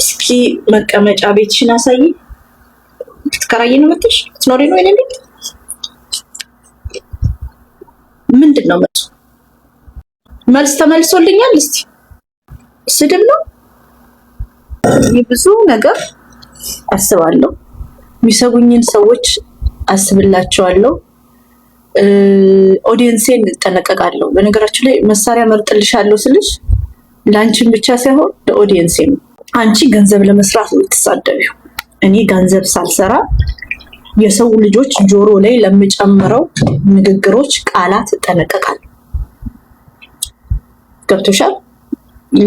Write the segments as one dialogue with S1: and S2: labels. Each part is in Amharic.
S1: እስኪ መቀመጫ ቤትሽን አሳይ። ትከራይ ነው መጥሽ ትኖሪ ነው ወይ? ምንድን ነው መልሱ? መልስ ተመልሶልኛል። እስቲ ስድብ ነው ብዙ ነገር አስባለሁ። የሚሰጉኝን ሰዎች አስብላቸዋለሁ። ኦዲየንሴን እጠነቀቃለሁ። በነገራችን ላይ መሳሪያ መርጥልሻለሁ ስልሽ ለአንቺን ብቻ ሳይሆን ለኦዲየንሴ ነው አንቺ ገንዘብ ለመስራት የምትሳደቢው እኔ ገንዘብ ሳልሰራ የሰው ልጆች ጆሮ ላይ ለምጨምረው ንግግሮች፣ ቃላት እጠነቀቃል። ገብቶሻል?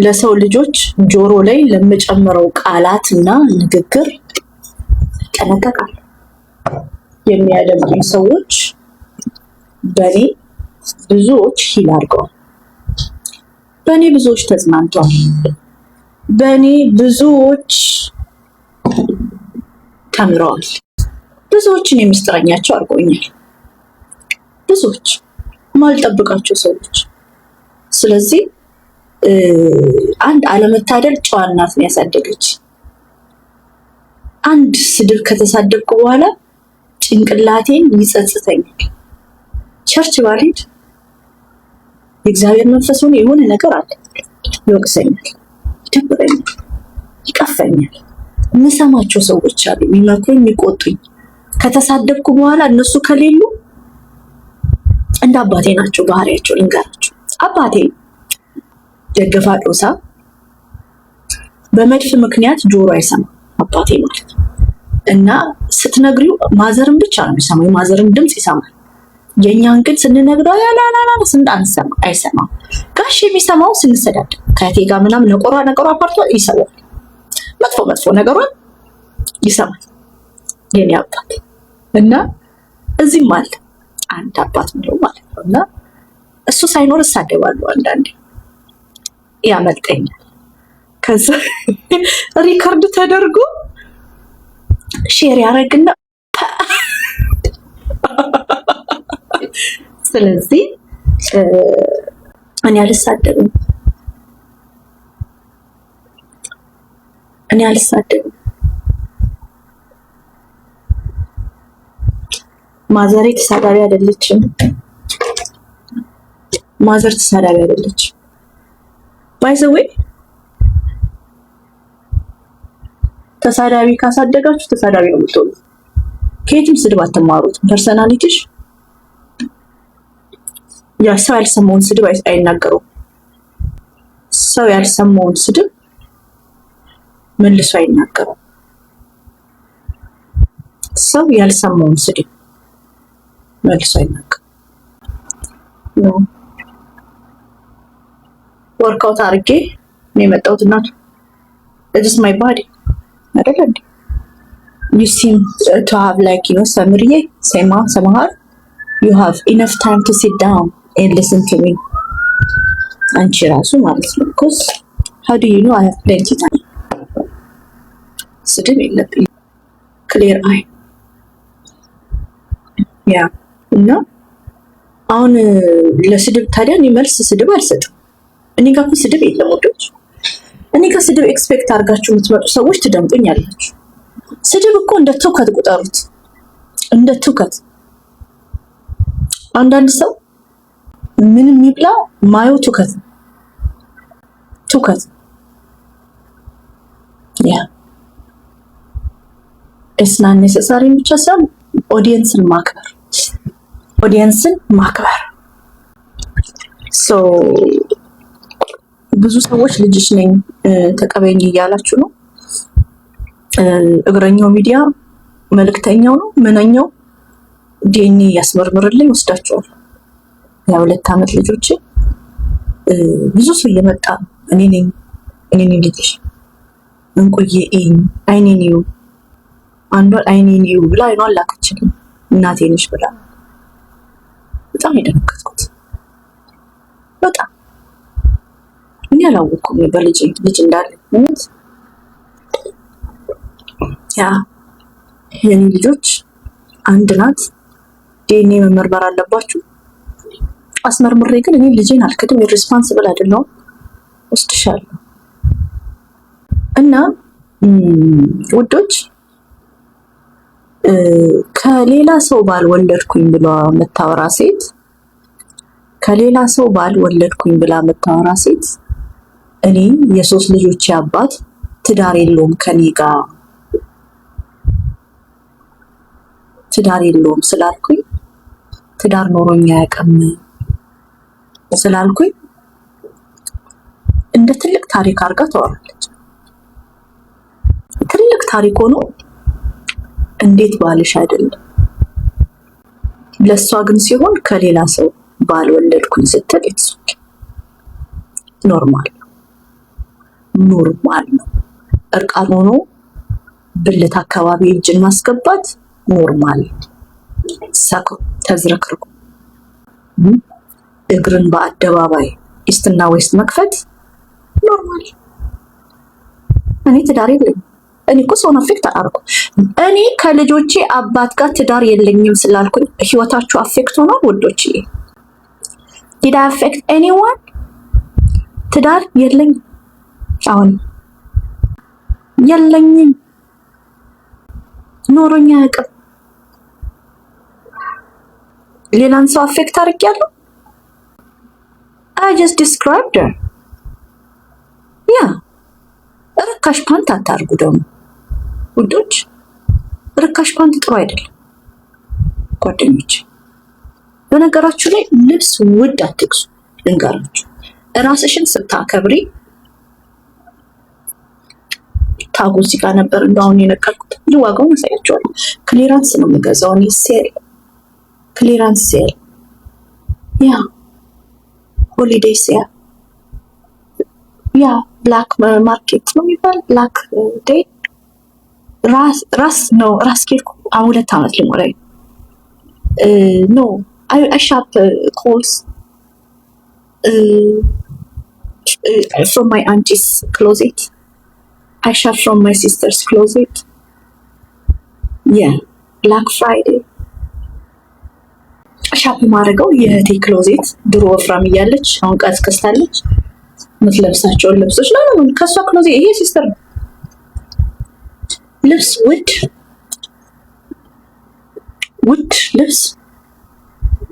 S1: ለሰው ልጆች ጆሮ ላይ ለምጨምረው ቃላት እና ንግግር ይጠነቀቃል። የሚያደምጡኝ ሰዎች በእኔ ብዙዎች ሂል አድርገዋል። በእኔ ብዙዎች ተጽናንተዋል። በእኔ ብዙዎች ተምረዋል። ብዙዎችን የምስጥረኛቸው አድርጎኛል። ብዙዎች ማልጠብቃቸው ሰዎች። ስለዚህ አንድ አለመታደል ጨዋ ነው ያሳደገች። አንድ ስድብ ከተሳደብኩ በኋላ ጭንቅላቴን ይጸጽተኛል። ቸርች ባልሄድ የእግዚአብሔር መንፈስ ሆኖ የሆነ ነገር አለ ይወቅሰኛል። ይደብረኛል፣ ይቀፈኛል። የምሰማቸው ሰዎች አሉ የሚመክሩ የሚቆጡኝ። ከተሳደብኩ በኋላ እነሱ ከሌሉ እንደ አባቴ ናቸው። ባህሪያቸው ልንገራቸው። አባቴ ደገፋ ዶሳ በመድፍ ምክንያት ጆሮ አይሰማም አባቴ ማለት እና ስትነግሪው ማዘርን ብቻ ነው የሚሰማው፣ የማዘርን ድምፅ ይሰማል። የእኛን ግን ስንነግረው ያላላላ ስንጣ አንሰማ አይሰማም። ጋሽ የሚሰማው ስንሰዳድ ከእቴ ጋር ምናምን ነቆራ ነቆራ ፓርቶ ይሰማል። መጥፎ መጥፎ ነገሯን ይሰማል የኔ አባት እና እዚህም አለ አንድ አባት ምለው ማለት ነው እና እሱ ሳይኖር እሳደባለሁ አንዳንዴ ያመልጠኛል። ከዛ ሪከርድ ተደርጎ ሼር ያደረግና ስለዚህ እኔ አልሳደብም እኔ አልሳደብም። ማዘሬ ተሳዳቢ አይደለችም። ማዘር ተሳዳቢ አይደለችም። ባይ ዘ ወይ ተሳዳቢ ካሳደጋችሁ ተሳዳቢ ነው የምትሆኑ። ከየትም ስድብ አትማሩት። ፐርሰናሊቲሽ ያ ሰው ያልሰማውን ስድብ አይናገሩም። ሰው ያልሰማውን ስድብ መልሶ አይናገሩም። ሰው ያልሰማውን ስድብ መልሶ አይናገሩም። ወርካውት አድርጌ ነው የመጣሁት። እናቱ ኢትስ ማይ ባዲ አይደለ እንዴ? ዩ ሲም ቱ ሃቭ ላይክ ዩ ሰምርዬ ሰማ ሰማሃር ዩ ሃቭ ኢነፍ ታይም ቱ ሲት ዳውን and listen to me አንቺ ራሱ ማለት ነው because how do you know I have plenty time ስድብ የለብኝ clear eye ያ እና አሁን ለስድብ ታዲያ እኔ መልስ ስድብ አልሰጥም። እኔ ጋር እኮ ስድብ የለም ወዶች። እኔ ጋር ስድብ ኤክስፔክት አድርጋችሁ የምትመጡ ሰዎች ትደምጡኝ አላችሁ። ስድብ እኮ እንደ ትውከት ቁጠሩት፣ እንደ ትውከት። አንዳንድ ሰው ምን ይብላው ማየው ቱከት ትውከት ያ እስና ኔሴሳሪን ብቻ ሳይሆን ኦዲየንስን ማክበር ኦዲየንስን ማክበር። ሶ ብዙ ሰዎች ልጅሽ ነኝ ተቀበይኝ እያላችሁ ነው። እግረኛው ሚዲያ መልእክተኛው ነው ምነኛው ዲኤንኤ እያስመርምርልኝ ወስዳቸዋል የሁለት ዓመት ልጆች ብዙ ሰው እየመጣ እኔ ነኝ እኔ ልጅሽ እንቁዬ ኤን አይኔን ዩ አንዷን አይኔን ዩ ብላ አይኗን ላከችልኝ እናቴ ነሽ ብላ በጣም የደነከትኩት በጣም እኔ አላወቅኩም በልጅ ልጅ እንዳለ እውነት ያ የኔ ልጆች አንድ ናት። ዲኤንኤ መመርመር አለባችሁ አስመርምሬ ግን እኔ ልጄን አልክድም፣ ኢሬስፖንስብል አይደለሁም፣ ወስድሻለሁ። እና ውዶች ከሌላ ሰው ባል ወለድኩኝ ብላ መታወራ ሴት ከሌላ ሰው ባል ወለድኩኝ ብላ መታወራ ሴት እኔ የሶስት ልጆች አባት ትዳር የለውም ከኔ ጋር ትዳር የለውም ስላልኩኝ ትዳር ኖሮኛ ያቀም ስላልኩኝ እንደ ትልቅ ታሪክ አድርጋ ተወራለች። ትልቅ ታሪክ ሆኖ እንዴት ባልሽ አይደለም። ለእሷ ግን ሲሆን ከሌላ ሰው ወለድኩኝ ስትል የተሶች ኖርማል ነው፣ ኖርማል ነው። እርቃን ሆኖ ብልት አካባቢ እጅን ማስገባት ኖርማል፣ ሰኮ ተዝረክርኩ እግርን በአደባባይ ኢስትና ዌስት መክፈት ኖርማል። እኔ ትዳር የለኝም። እኔ እኮ ሰውን አፌክት አላርኩ። እኔ ከልጆቼ አባት ጋር ትዳር የለኝም ስላልኩኝ ህይወታችሁ አፌክት ሆኗል ውዶች። ዲዳ አፌክት ኤኒዋን ትዳር የለኝም። አሁን የለኝም ኖሮኛ ያቅም ሌላን ሰው አፌክት አድርጌያለሁ። አይ ጀስት ዲስክራይብድ ያ ርካሽ ፓንት አታርጉ። ደግሞ ውዶች ርካሽ ፓንት ጥሩ አይደለም ጓደኞች። በነገራችሁ ላይ ልብስ ውድ አትግዙ። ልንገራችሁ፣ ራስሽን ስታከብሪ ታጉ እዚህ ጋር ነበር እንደሁን የነገርኩት ዋጋው ማሳያቸዋለሁ። ክሊራንስ ነው የምገዛውን ሴል ክሊራንስ ሴል ያ black ያ ያ ብላክ ማርኬት ነው የሚባል ብላክ ዴይ ራስ ነው ራስ ኬክ አሁን ሁለት ዓመት ሊሞላኝ ኖ አይ ኮልስ from my auntie's closet I shop from my sister's closet yeah Black Friday ሻፕ ማድረገው የእህቴ ክሎዜት ድሮ ወፍራም እያለች አሁን ቀዝቀዝታለች። የምትለብሳቸውን ልብሶች ለምን ነው ከእሷ ክሎዜት ይሄ ሲስተር ነው። ልብስ ውድ ውድ ልብስ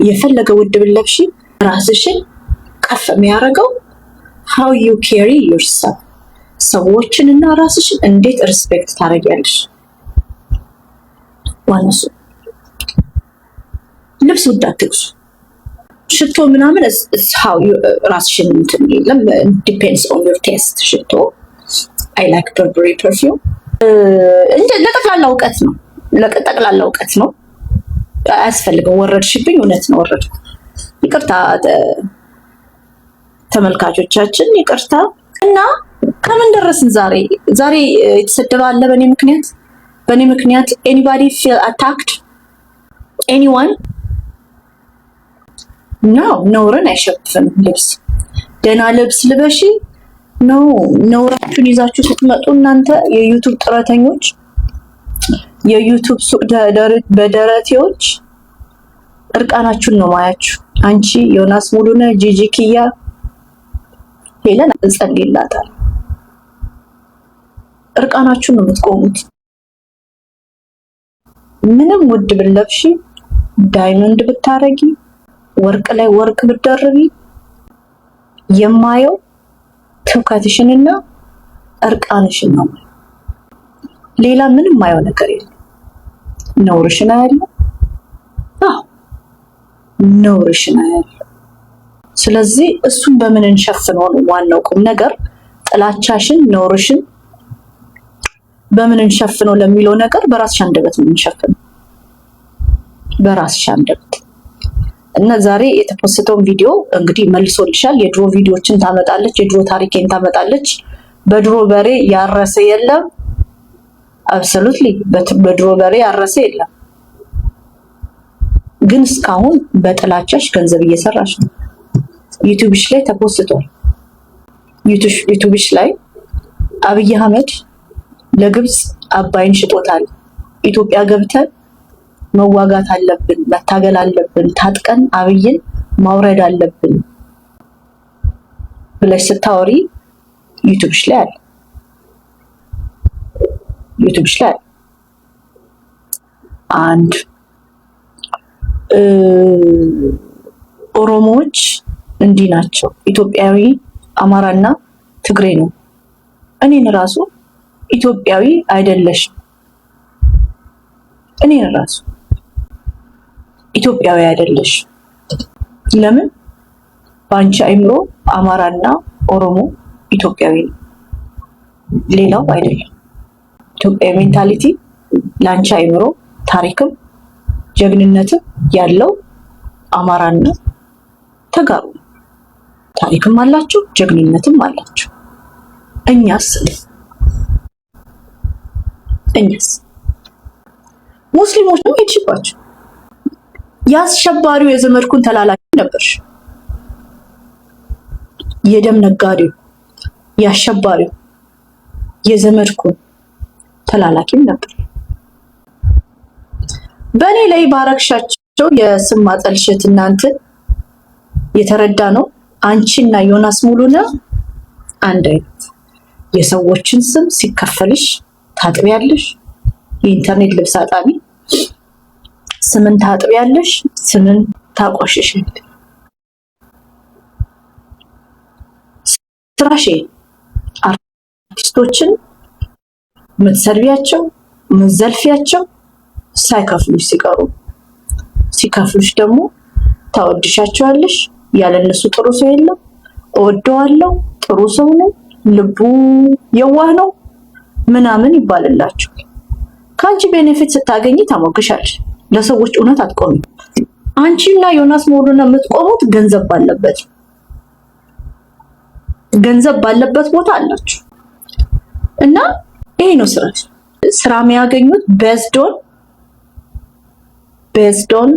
S1: የፈለገ ውድ ብለብሽ ራስሽን ከፍ የሚያደርገው ሀው ዩ ኬሪ ዮርሰልፍ ሰዎችን እና ራስሽን እንዴት ሪስፔክት ታደርጊያለሽ ዋነሱ ልብስ ውድ አትግዙ። ሽቶ ምናምን እስሀው ራስሽን እንትን የለም ዲፔንድስ ኦን ዮር ቴስት። ሽቶ አይ ላይክ በርበሪ ፐርፊውም እንደ ለጠቅላላ እውቀት ነው፣ ለጠቅላላ እውቀት ነው። አያስፈልግም። ወረድሽብኝ። እውነት ነው ወረድኩ። ይቅርታ ተመልካቾቻችን ይቅርታ። እና ከምን ደረስን ዛሬ? ዛሬ የተሰደበ አለ በእኔ ምክንያት በእኔ ምክንያት ኤኒባዲ ፊል አታክድ ኤኒዋን ነው ነውርን አይሸፍንም ልብስ ደህና ልብስ ልበሺ ነው ነውራችሁን ይዛችሁ ስትመጡ እናንተ የዩቱብ ጥረተኞች የዩቱብ ሱቅ በደረቴዎች እርቃናችሁን ነው ማያችሁ አንቺ ዮናስ ሙሉነ ጂጂ ኪያ ሄለን እንጸልይላታል እርቃናችሁን ነው የምትቆሙት ምንም ውድ ብለብሺ ዳይመንድ ብታረጊ ወርቅ ላይ ወርቅ ብደርቢ የማየው ትውከትሽንና እርቃንሽን ነው። ሌላ ምንም ማየው ነገር የለም። ነውርሽን አያለው? አዎ ነውርሽን አያለሁ። ስለዚህ እሱን በምን እንሸፍነው ነው ዋናው ቁም ነገር። ጥላቻሽን፣ ነውርሽን በምን እንሸፍነው ለሚለው ነገር በራስሽ አንደበት ነው የምንሸፍነው፣ በራስሽ አንደበት እና ዛሬ የተፖስተውን ቪዲዮ እንግዲህ መልሶልሻል። የድሮ ቪዲዮችን ታመጣለች፣ የድሮ ታሪኬን ታመጣለች። በድሮ በሬ ያረሰ የለም፣ አብሶሉትሊ በድሮ በሬ ያረሰ የለም። ግን እስካሁን በጥላቻሽ ገንዘብ እየሰራሽ ነው። ዩቲዩብሽ ላይ ተፖስቷል። ዩቲዩብሽ ላይ አብይ አህመድ ለግብፅ አባይን ሽጦታል፣ ኢትዮጵያ ገብተን መዋጋት አለብን፣ መታገል አለብን፣ ታጥቀን አብይን ማውረድ አለብን ብለሽ ስታወሪ ዩቱብሽ ላይ አለ ዩቱብሽ ላይ አንድ ኦሮሞዎች እንዲህ ናቸው፣ ኢትዮጵያዊ አማራና ትግሬ ነው። እኔን ራሱ ኢትዮጵያዊ አይደለሽም እኔን ራሱ ኢትዮጵያዊ አይደለሽ። ለምን? በአንቺ አይምሮ አማራና ኦሮሞ ኢትዮጵያዊ ነው፣ ሌላው አይደለም። ኢትዮጵያዊ ሜንታሊቲ ለአንቺ አይምሮ ታሪክም ጀግንነትም ያለው አማራና ተጋሩ ታሪክም አላቸው፣ ጀግንነትም አላቸው። እኛስ እኛስ ሙስሊሞችም ሄድሽባቸው የአስሸባሪው የዘመድኩን ተላላኪ ነበር የደም ነጋዴው የአሸባሪው የዘመድኩን ተላላኪም ነበር። በእኔ ላይ ባረግሻቸው የስም ማጠልሸት እናንትን የተረዳ ነው። እና ዮናስ ሙሉና አንድ አይነት የሰዎችን ስም ሲከፈልሽ ታጥቢያለሽ። የኢንተርኔት ልብስ አጣሚ ስምን ታጥቢያለሽ፣ ስምን ታቆሽሽ ስራሽ አርቲስቶችን ምትሰልቢያቸው መዘልፊያቸው ሳይከፍሉሽ ሲቀሩ፣ ሲከፍሉሽ ደግሞ ታወድሻቸዋለሽ። ያለነሱ ጥሩ ሰው የለም። እወደዋለሁ፣ ጥሩ ሰው ነው፣ ልቡ የዋህ ነው ምናምን ይባልላቸው። ከአንቺ ቤኔፊት ስታገኝ ታሞግሻለሽ። ለሰዎች እውነት አትቆሚም። አንቺና ዮናስ መሆኑን የምትቆሙት ገንዘብ ባለበት ገንዘብ ባለበት ቦታ አላችሁ እና ይሄ ነው ስራ ስራ የሚያገኙት በዝዶን በዝዶን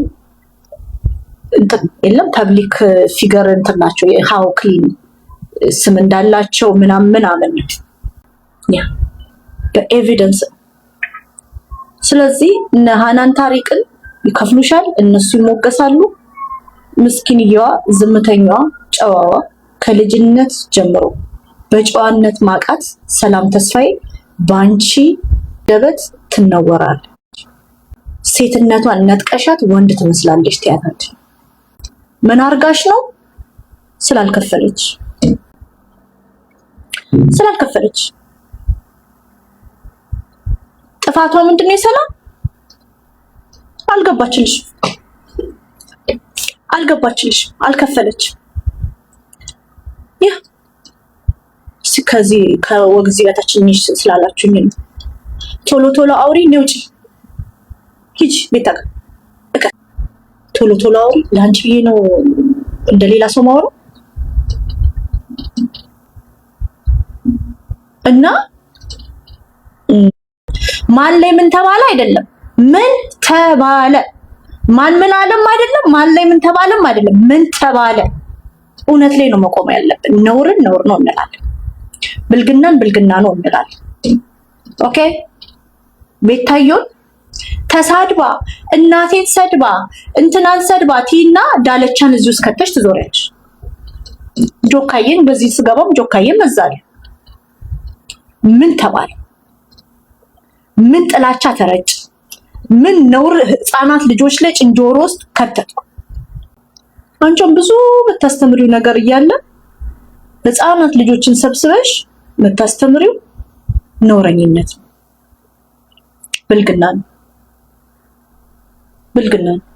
S1: የለም ፐብሊክ ፊገር እንትን ናቸው የሃው ክሊን ስም እንዳላቸው ምናምን ምናምን በኤቪደንስ ስለዚህ እነ ሃናን ታሪቅን ይከፍሉሻል፣ እነሱ ይሞገሳሉ። ምስኪንየዋ፣ ዝምተኛዋ፣ ጨዋዋ ከልጅነት ጀምሮ በጨዋነት ማቃት ሰላም ተስፋዬ በአንቺ ደበት ትነወራል። ሴትነቷን ነጥቀሻት ወንድ ትመስላለች ትያታለች። ምን አርጋሽ ነው? ስላልከፈለች ስላልከፈለች ጥፋቷ ምንድን ነው? የሰላም አልገባችልሽ አልገባችልሽ አልከፈለች። ያ ከዚህ ከወግዚያታችን ንሽ ስላላችሁኝ ነው። ቶሎ ቶሎ አውሪ ነውጪ ሂጂ ቤታ ቶሎ ቶሎ አውሪ ለአንቺ ብዬ ነው እንደሌላ ሰው ማውራው እና ማን ላይ ምን ተባለ አይደለም፣ ምን ተባለ ማን ምን አለም አይደለም፣ ማን ላይ ምን ተባለም አይደለም፣ ምን ተባለ። እውነት ላይ ነው መቆም ያለብን። ነውርን ነውር ነው እንላለን፣ ብልግናን ብልግና ነው እንላለን። ኦኬ ቤታዮን ተሳድባ እናቴን ሰድባ እንትናን ሰድባ ቲና ዳለቻን እዚህ ውስጥ ከተሽ ትዞሪያለሽ። ጆካዬን በዚህ ስገባም ጆካዬን መዛለ ምን ተባለ? ምን ጥላቻ ተረጭ፣ ምን ነውር ህፃናት ልጆች ላይ ጭንጆሮ ውስጥ ከተትኩ። አንቺም ብዙ የምታስተምሪው ነገር እያለ ህፃናት ልጆችን ሰብስበሽ የምታስተምሪው ነውረኝነት ነው፣ ብልግና ነው፣ ብልግና ነው።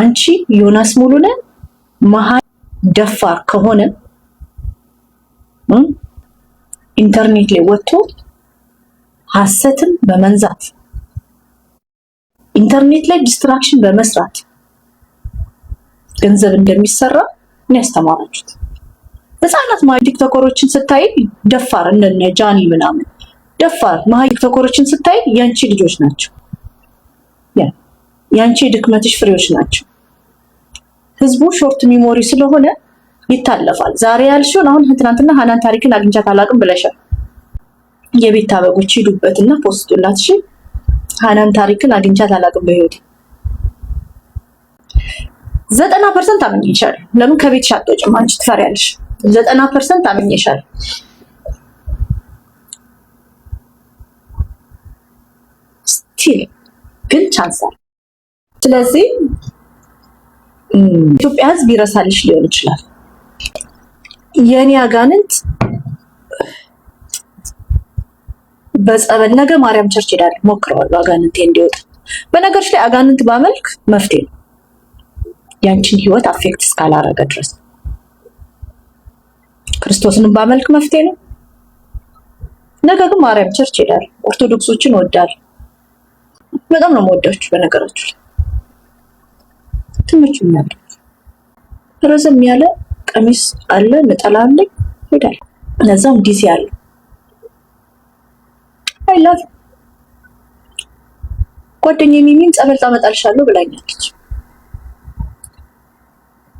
S1: አንቺ ዮናስ ሙሉነ መሀል ደፋር ከሆነ ኢንተርኔት ላይ ወጥቶ ሀሰትን በመንዛት ኢንተርኔት ላይ ዲስትራክሽን በመስራት ገንዘብ እንደሚሰራ ነው ያስተማራችሁት። ህፃናት ማህይ ቲክቶከሮችን ስታይ ደፋር እነነ ጃኒ ምናምን ደፋር ማህይ ቲክቶከሮችን ስታይ ያንቺ ልጆች ናቸው፣ ያንቺ የድክመትሽ ፍሬዎች ናቸው። ህዝቡ ሾርት ሚሞሪ ስለሆነ ይታለፋል። ዛሬ ያልሽውን አሁን ትናንትና ሀናን ታሪክን አግኝቻት አላቅም ብለሻል። የቤት አበቦች ሂዱበት እና ፖስቱላት። እሺ ሀናን ታሪክን አግኝቻት አላውቅም በህይወቴ። ዘጠና ፐርሰንት አምኜሻለሁ። ለምን ከቤት ሻጦጭም አንቺ ትፈሪያለሽ። ዘጠና ፐርሰንት አምኜሻለሁ። ስቲል ግን ቻንሳል። ስለዚህ ኢትዮጵያ ህዝብ ይረሳልሽ ሊሆን ይችላል የእኔ አጋንንት በጸበል ነገ ማርያም ቸርች ሄዳል ሞክረዋል አጋንንቴ እንዲወጣ። በነገሮች ላይ አጋንንት ባመልክ መፍትሄ ነው ያንቺን ህይወት አፌክት እስካላረገ ድረስ። ክርስቶስንም ባመልክ መፍትሄ ነው። ነገ ግን ማርያም ቸርች ሄዳል። ኦርቶዶክሶችን ወዳል። በጣም ነው የምወዳችሁ። በነገራችሁ ላይ ትምህርት የሚያለ ረዘም ያለ ቀሚስ አለ ነጠላ አለኝ ሄዳል። እነዛም ዲሲ አለ አይላት ጓደኛ የሚሚን ጸበል ታመጣልሻለሁ ብላኛለች።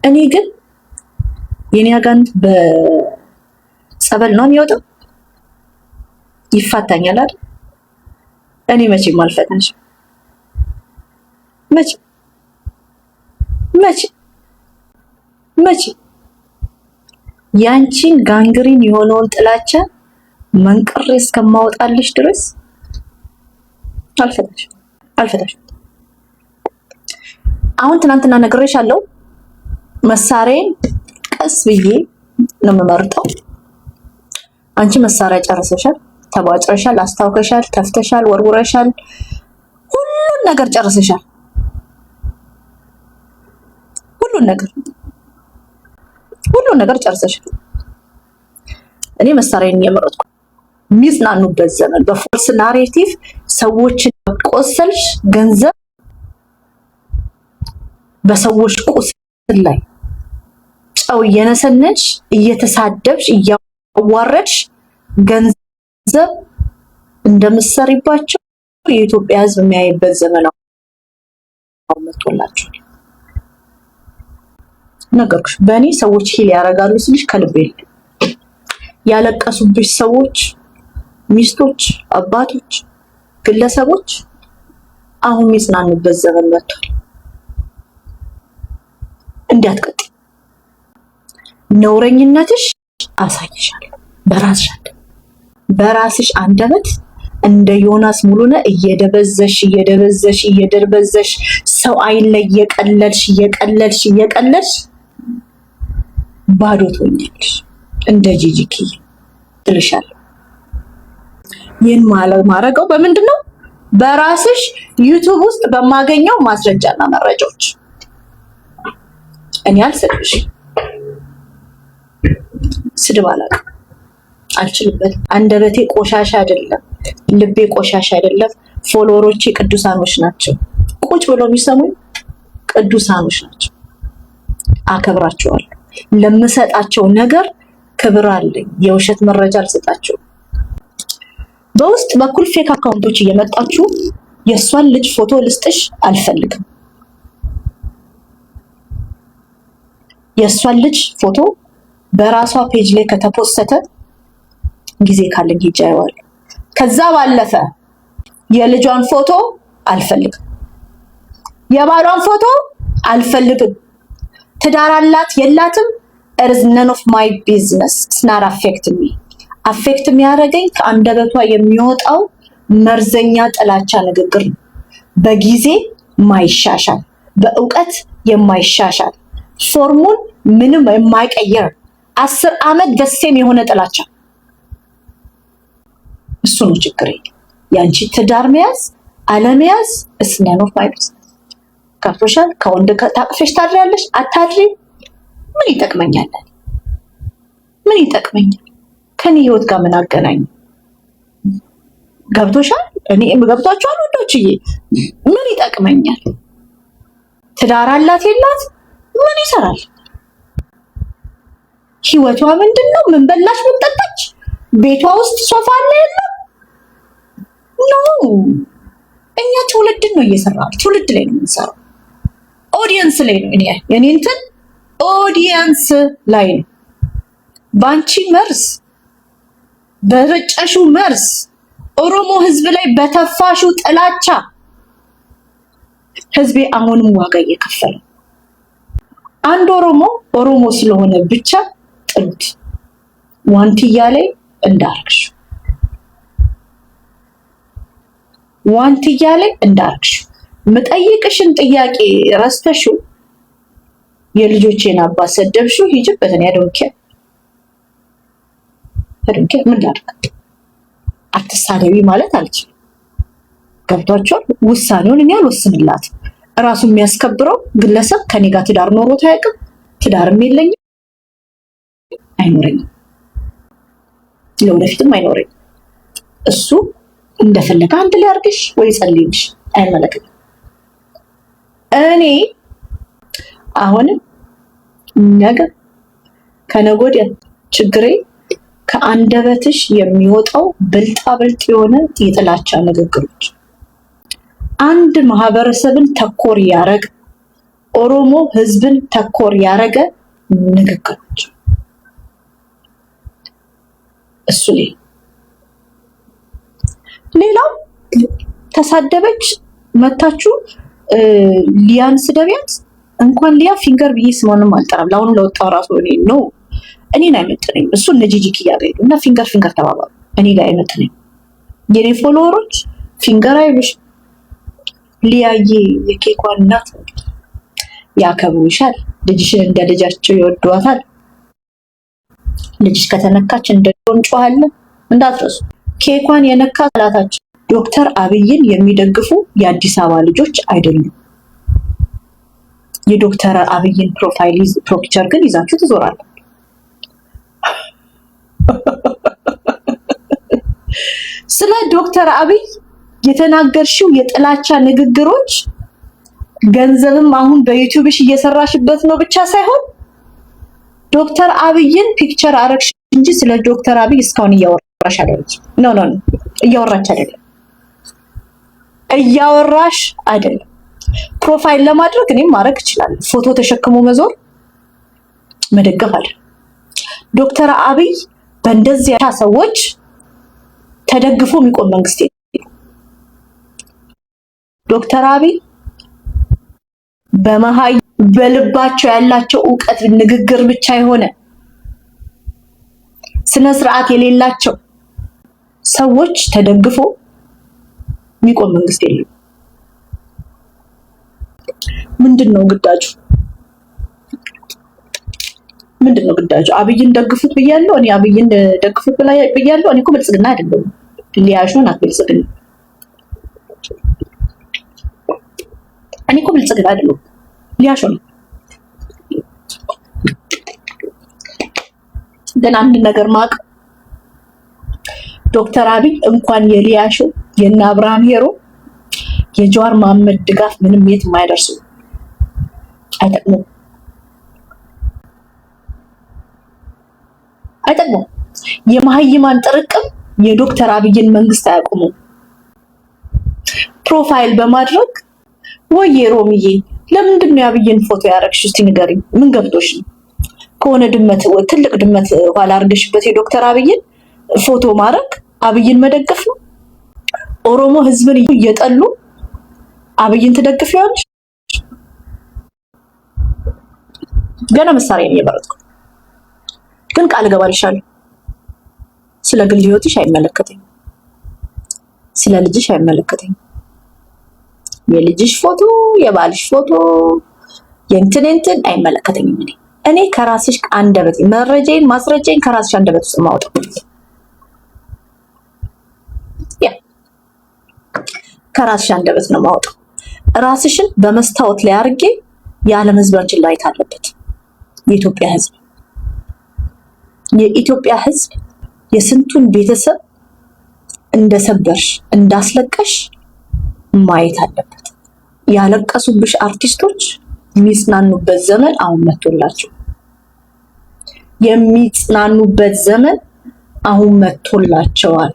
S1: እኔ ግን የኔ አጋንንት በጸበል ነው የሚወጣው፣ ይፋታኛል አይደል? እኔ መቼም አልፈታሽ መቼ መቼ መቼ ያንቺን ጋንግሪን የሆነውን ጥላቻ መንቅሬ እስከማወጣልሽ ድረስ አልፈታሽ አልፈታሽ። አሁን ትናንትና ነግሬሻለሁ። መሳሪያዬን ቀስ ብዬ ነው የምመርጠው። አንቺ መሳሪያ ጨርሰሻል፣ ተቧጭረሻል፣ አስታውከሻል፣ ተፍተሻል፣ ወርውረሻል፣ ሁሉን ነገር ጨርሰሻል። ሁሉን ነገር ሁሉን ነገር ጨርሰሻል። እኔ መሳሪያን እየመረጥኩ የሚጽናኑበት ዘመን በፎልስ ናሬቲቭ ሰዎችን ቆሰልሽ ገንዘብ በሰዎች ቁስል ላይ ጨው እየነሰነች እየተሳደብሽ እያዋረድሽ ገንዘብ እንደምትሰሪባቸው የኢትዮጵያ ሕዝብ የሚያይበት ዘመን መጥቶላቸዋል። ነገርኩሽ። በእኔ ሰዎች ሂል ያደርጋሉ ስልሽ ከልቤ ያለቀሱብሽ ሰዎች ሚስቶች፣ አባቶች፣ ግለሰቦች አሁን የሚጽናኑበት ዘመን መጥቷል። እንዲያትቀጥ ነውረኝነትሽ አሳይሻለሁ በራስሽ በራስሽ አንደበት እንደ ዮናስ ሙሉነ እየደበዘሽ እየደበዘሽ እየደበዘሽ ሰው አይን ላይ እየቀለልሽ እየቀለልሽ እየቀለልሽ ባዶ ትሆኛለሽ። እንደ ጂጂኪ ትልሻለሁ። ይህን ማድረገው በምንድን ነው? በራስሽ ዩቱብ ውስጥ በማገኘው ማስረጃና መረጃዎች። እኔ አልሰጥሽ ስድብ አላውቅም፣ አልችልበትም። አንደበቴ ቆሻሻ አይደለም፣ ልቤ ቆሻሻ አይደለም። ፎሎወሮቼ ቅዱሳኖች ናቸው። ቁጭ ብሎ የሚሰሙኝ ቅዱሳኖች ናቸው። አከብራቸዋለሁ። ለምሰጣቸው ነገር ክብር አለኝ። የውሸት መረጃ አልሰጣቸውም። በውስጥ በኩል ፌክ አካውንቶች እየመጣችሁ የእሷን ልጅ ፎቶ ልስጥሽ አልፈልግም፣ የእሷን ልጅ ፎቶ በራሷ ፔጅ ላይ ከተፖሰተ ጊዜ ካለኝ ሄጄ አየዋለሁ። ከዛ ባለፈ የልጇን ፎቶ አልፈልግም፣ የባሏን ፎቶ አልፈልግም። ትዳር አላት የላትም፣ ኢዝ ነን ኦፍ ማይ ቢዝነስ ስናር አፌክት ሚ አፌክት የሚያደርገኝ ከአንደበቷ የሚወጣው መርዘኛ ጥላቻ ንግግር ነው። በጊዜ ማይሻሻል፣ በእውቀት የማይሻሻል ፎርሙን ምንም የማይቀየር አስር ዓመት ደሴም የሆነ ጥላቻ እሱ ነው ችግሬ። የአንቺ ትዳር መያዝ አለመያዝ እስነኖ ፋይብስ ከፍቶሻል። ከወንድ ታቅፈሽ ታድሪያለሽ አታድሪ ምን ይጠቅመኛል? ምን ይጠቅመኛል? ከኔ ህይወት ጋር ምን አገናኝ? ገብቶሻል? እኔ ገብቷችኋል? ወንዶችዬ ምን ይጠቅመኛል? ትዳር አላት የላት ምን ይሰራል? ህይወቷ ምንድን ነው? ምን በላች? ምን ጠጣች? ቤቷ ውስጥ ሶፋ አለ የለም? ኖ እኛ ትውልድን ነው እየሰራ ትውልድ ላይ ነው የምንሰራው። ኦዲየንስ ላይ ነው እኔ የኔ እንትን ኦዲየንስ ላይ ነው በአንቺ መርስ በረጨሹ መርዝ ኦሮሞ ህዝብ ላይ በተፋሹ ጥላቻ ህዝቤ አሁንም ዋጋ እየከፈለ አንድ ኦሮሞ ኦሮሞ ስለሆነ ብቻ ጥሉት ዋንትያ ላይ እንዳርግሽ ዋንትያ ላይ እንዳርግሽ ምጠይቅሽን ጥያቄ ረስተሽው የልጆቼን አባት ሰደብሽው ሂጅበትን ያደንኪያ አድርጌ ምን ላድርግ? አትሳደቢ ማለት አልችልም። ገብቷቸውን ውሳኔውን እኔ አልወስንላት። እራሱ የሚያስከብረው ግለሰብ ከኔ ጋር ትዳር ኖሮት አያውቅም። ትዳርም የለኝም፣ አይኖረኝም፣ ለወደፊትም አይኖረኝ። እሱ እንደፈለገ አንድ ላይ ወይ ጸልይልሽ፣ አይመለከትም። እኔ አሁንም ነገ ከነገ ችግሬ ከአንደበትሽ የሚወጣው ብልጣብልጥ የሆነ የጥላቻ ንግግሮች አንድ ማህበረሰብን ተኮር ያረገ ኦሮሞ ህዝብን ተኮር ያረገ ንግግሮች እሱ ሌላው ተሳደበች መታችሁ ሊያን ስደቢያት እንኳን ሊያ ፊንገር ብዬ ስሟንም አልጠራም። ለአሁኑ ለወጣው ራሱ ነው እኔን አይመጥነኝ። እሱ እነ ጂጂክ ኪያ እና ፊንገር ፊንገር ተባባሉ። እኔ ጋር አይመጥነኝ። የኔ ፎሎወሮች ፊንገር አይሉሽ ሊያየ የኬኳ እናት ያከብሩሻል። ልጅሽን እንደ ልጃቸው ይወዷታል። ልጅሽ ከተነካች እንደ ጮኋለን። እንዳትረሱ ኬኳን የነካ ጠላታችን ዶክተር አብይን የሚደግፉ የአዲስ አበባ ልጆች አይደሉም። የዶክተር አብይን ፕሮፋይል ፒክቸር ግን ይዛችሁ ትዞራለ። ስለ ዶክተር አብይ የተናገርሽው የጥላቻ ንግግሮች ገንዘብም አሁን በዩቲዩብሽ እየሰራሽበት ነው ብቻ ሳይሆን ዶክተር አብይን ፒክቸር አረግሽ እንጂ ስለ ዶክተር አብይ እስካሁን እያወራሽ አይደለች። ኖ ኖ እያወራች አይደለም፣ እያወራሽ አይደለም። ፕሮፋይል ለማድረግ እኔም ማድረግ ይችላል። ፎቶ ተሸክሞ መዞር መደገፍ አለ ዶክተር አብይ ያ ሰዎች ተደግፎ የሚቆም መንግስት ዶክተር አብይ በመሀይ በልባቸው ያላቸው እውቀት ንግግር ብቻ የሆነ ስነ ስርዓት የሌላቸው ሰዎች ተደግፎ የሚቆም መንግስት የለም። ምንድን ነው ግዳጁ? ምንድን ነው ግዳቸው? አብይን ደግፉት ብያለሁ እኔ አብይን ደግፉት ብያለሁ። እኔ እኮ ብልጽግና አይደለም ሊያሹን ናት ብልጽግና። እኔ እኮ ብልጽግና አይደለም ሊያሾ ነው። ግን አንድ ነገር ማቅ ዶክተር አብይ እንኳን የሊያሾ የእነ አብርሃም ሄሮ የጀዋር መሐመድ ድጋፍ ምንም የት የማይደርሱ አይጠቅሙም። አይጠቅሙም። የማህይማን ጥርቅም የዶክተር አብይን መንግስት አያቁሙም። ፕሮፋይል በማድረግ ወዬ ሮምዬ ለምንድን ነው የአብይን ፎቶ ያደረግሽ? እስቲ ንገሪኝ። ምን ገብቶሽ ነው? ከሆነ ድመት ትልቅ ድመት ኋላ አድርገሽበት የዶክተር አብይን ፎቶ ማድረግ አብይን መደገፍ ነው? ኦሮሞ ህዝብን እየጠሉ አብይን ትደግፊዋለሽ? ገና መሳሪያ ነው ግን ቃል እገባልሻለሁ ስለ ግል ህይወትሽ አይመለከተኝም፣ ስለ ልጅሽ አይመለከተኝም። የልጅሽ ፎቶ፣ የባልሽ ፎቶ፣ የእንትን እንትን አይመለከተኝም። እኔ እኔ ከራስሽ አንደበት መረጃዬን ማስረጃዬን ከራስሽ አንደበት ውስጥ ማውጣው ያ ከራስሽ አንደበት ነው ማወጣው ራስሽን በመስታወት ላይ አድርጌ የዓለም ህዝባችን ላይት አለበት የኢትዮጵያ ህዝብ የኢትዮጵያ ሕዝብ የስንቱን ቤተሰብ እንደሰበርሽ እንዳስለቀሽ ማየት አለበት። ያለቀሱብሽ አርቲስቶች የሚጽናኑበት ዘመን አሁን መጥቶላቸው የሚጽናኑበት ዘመን አሁን መጥቶላቸዋል።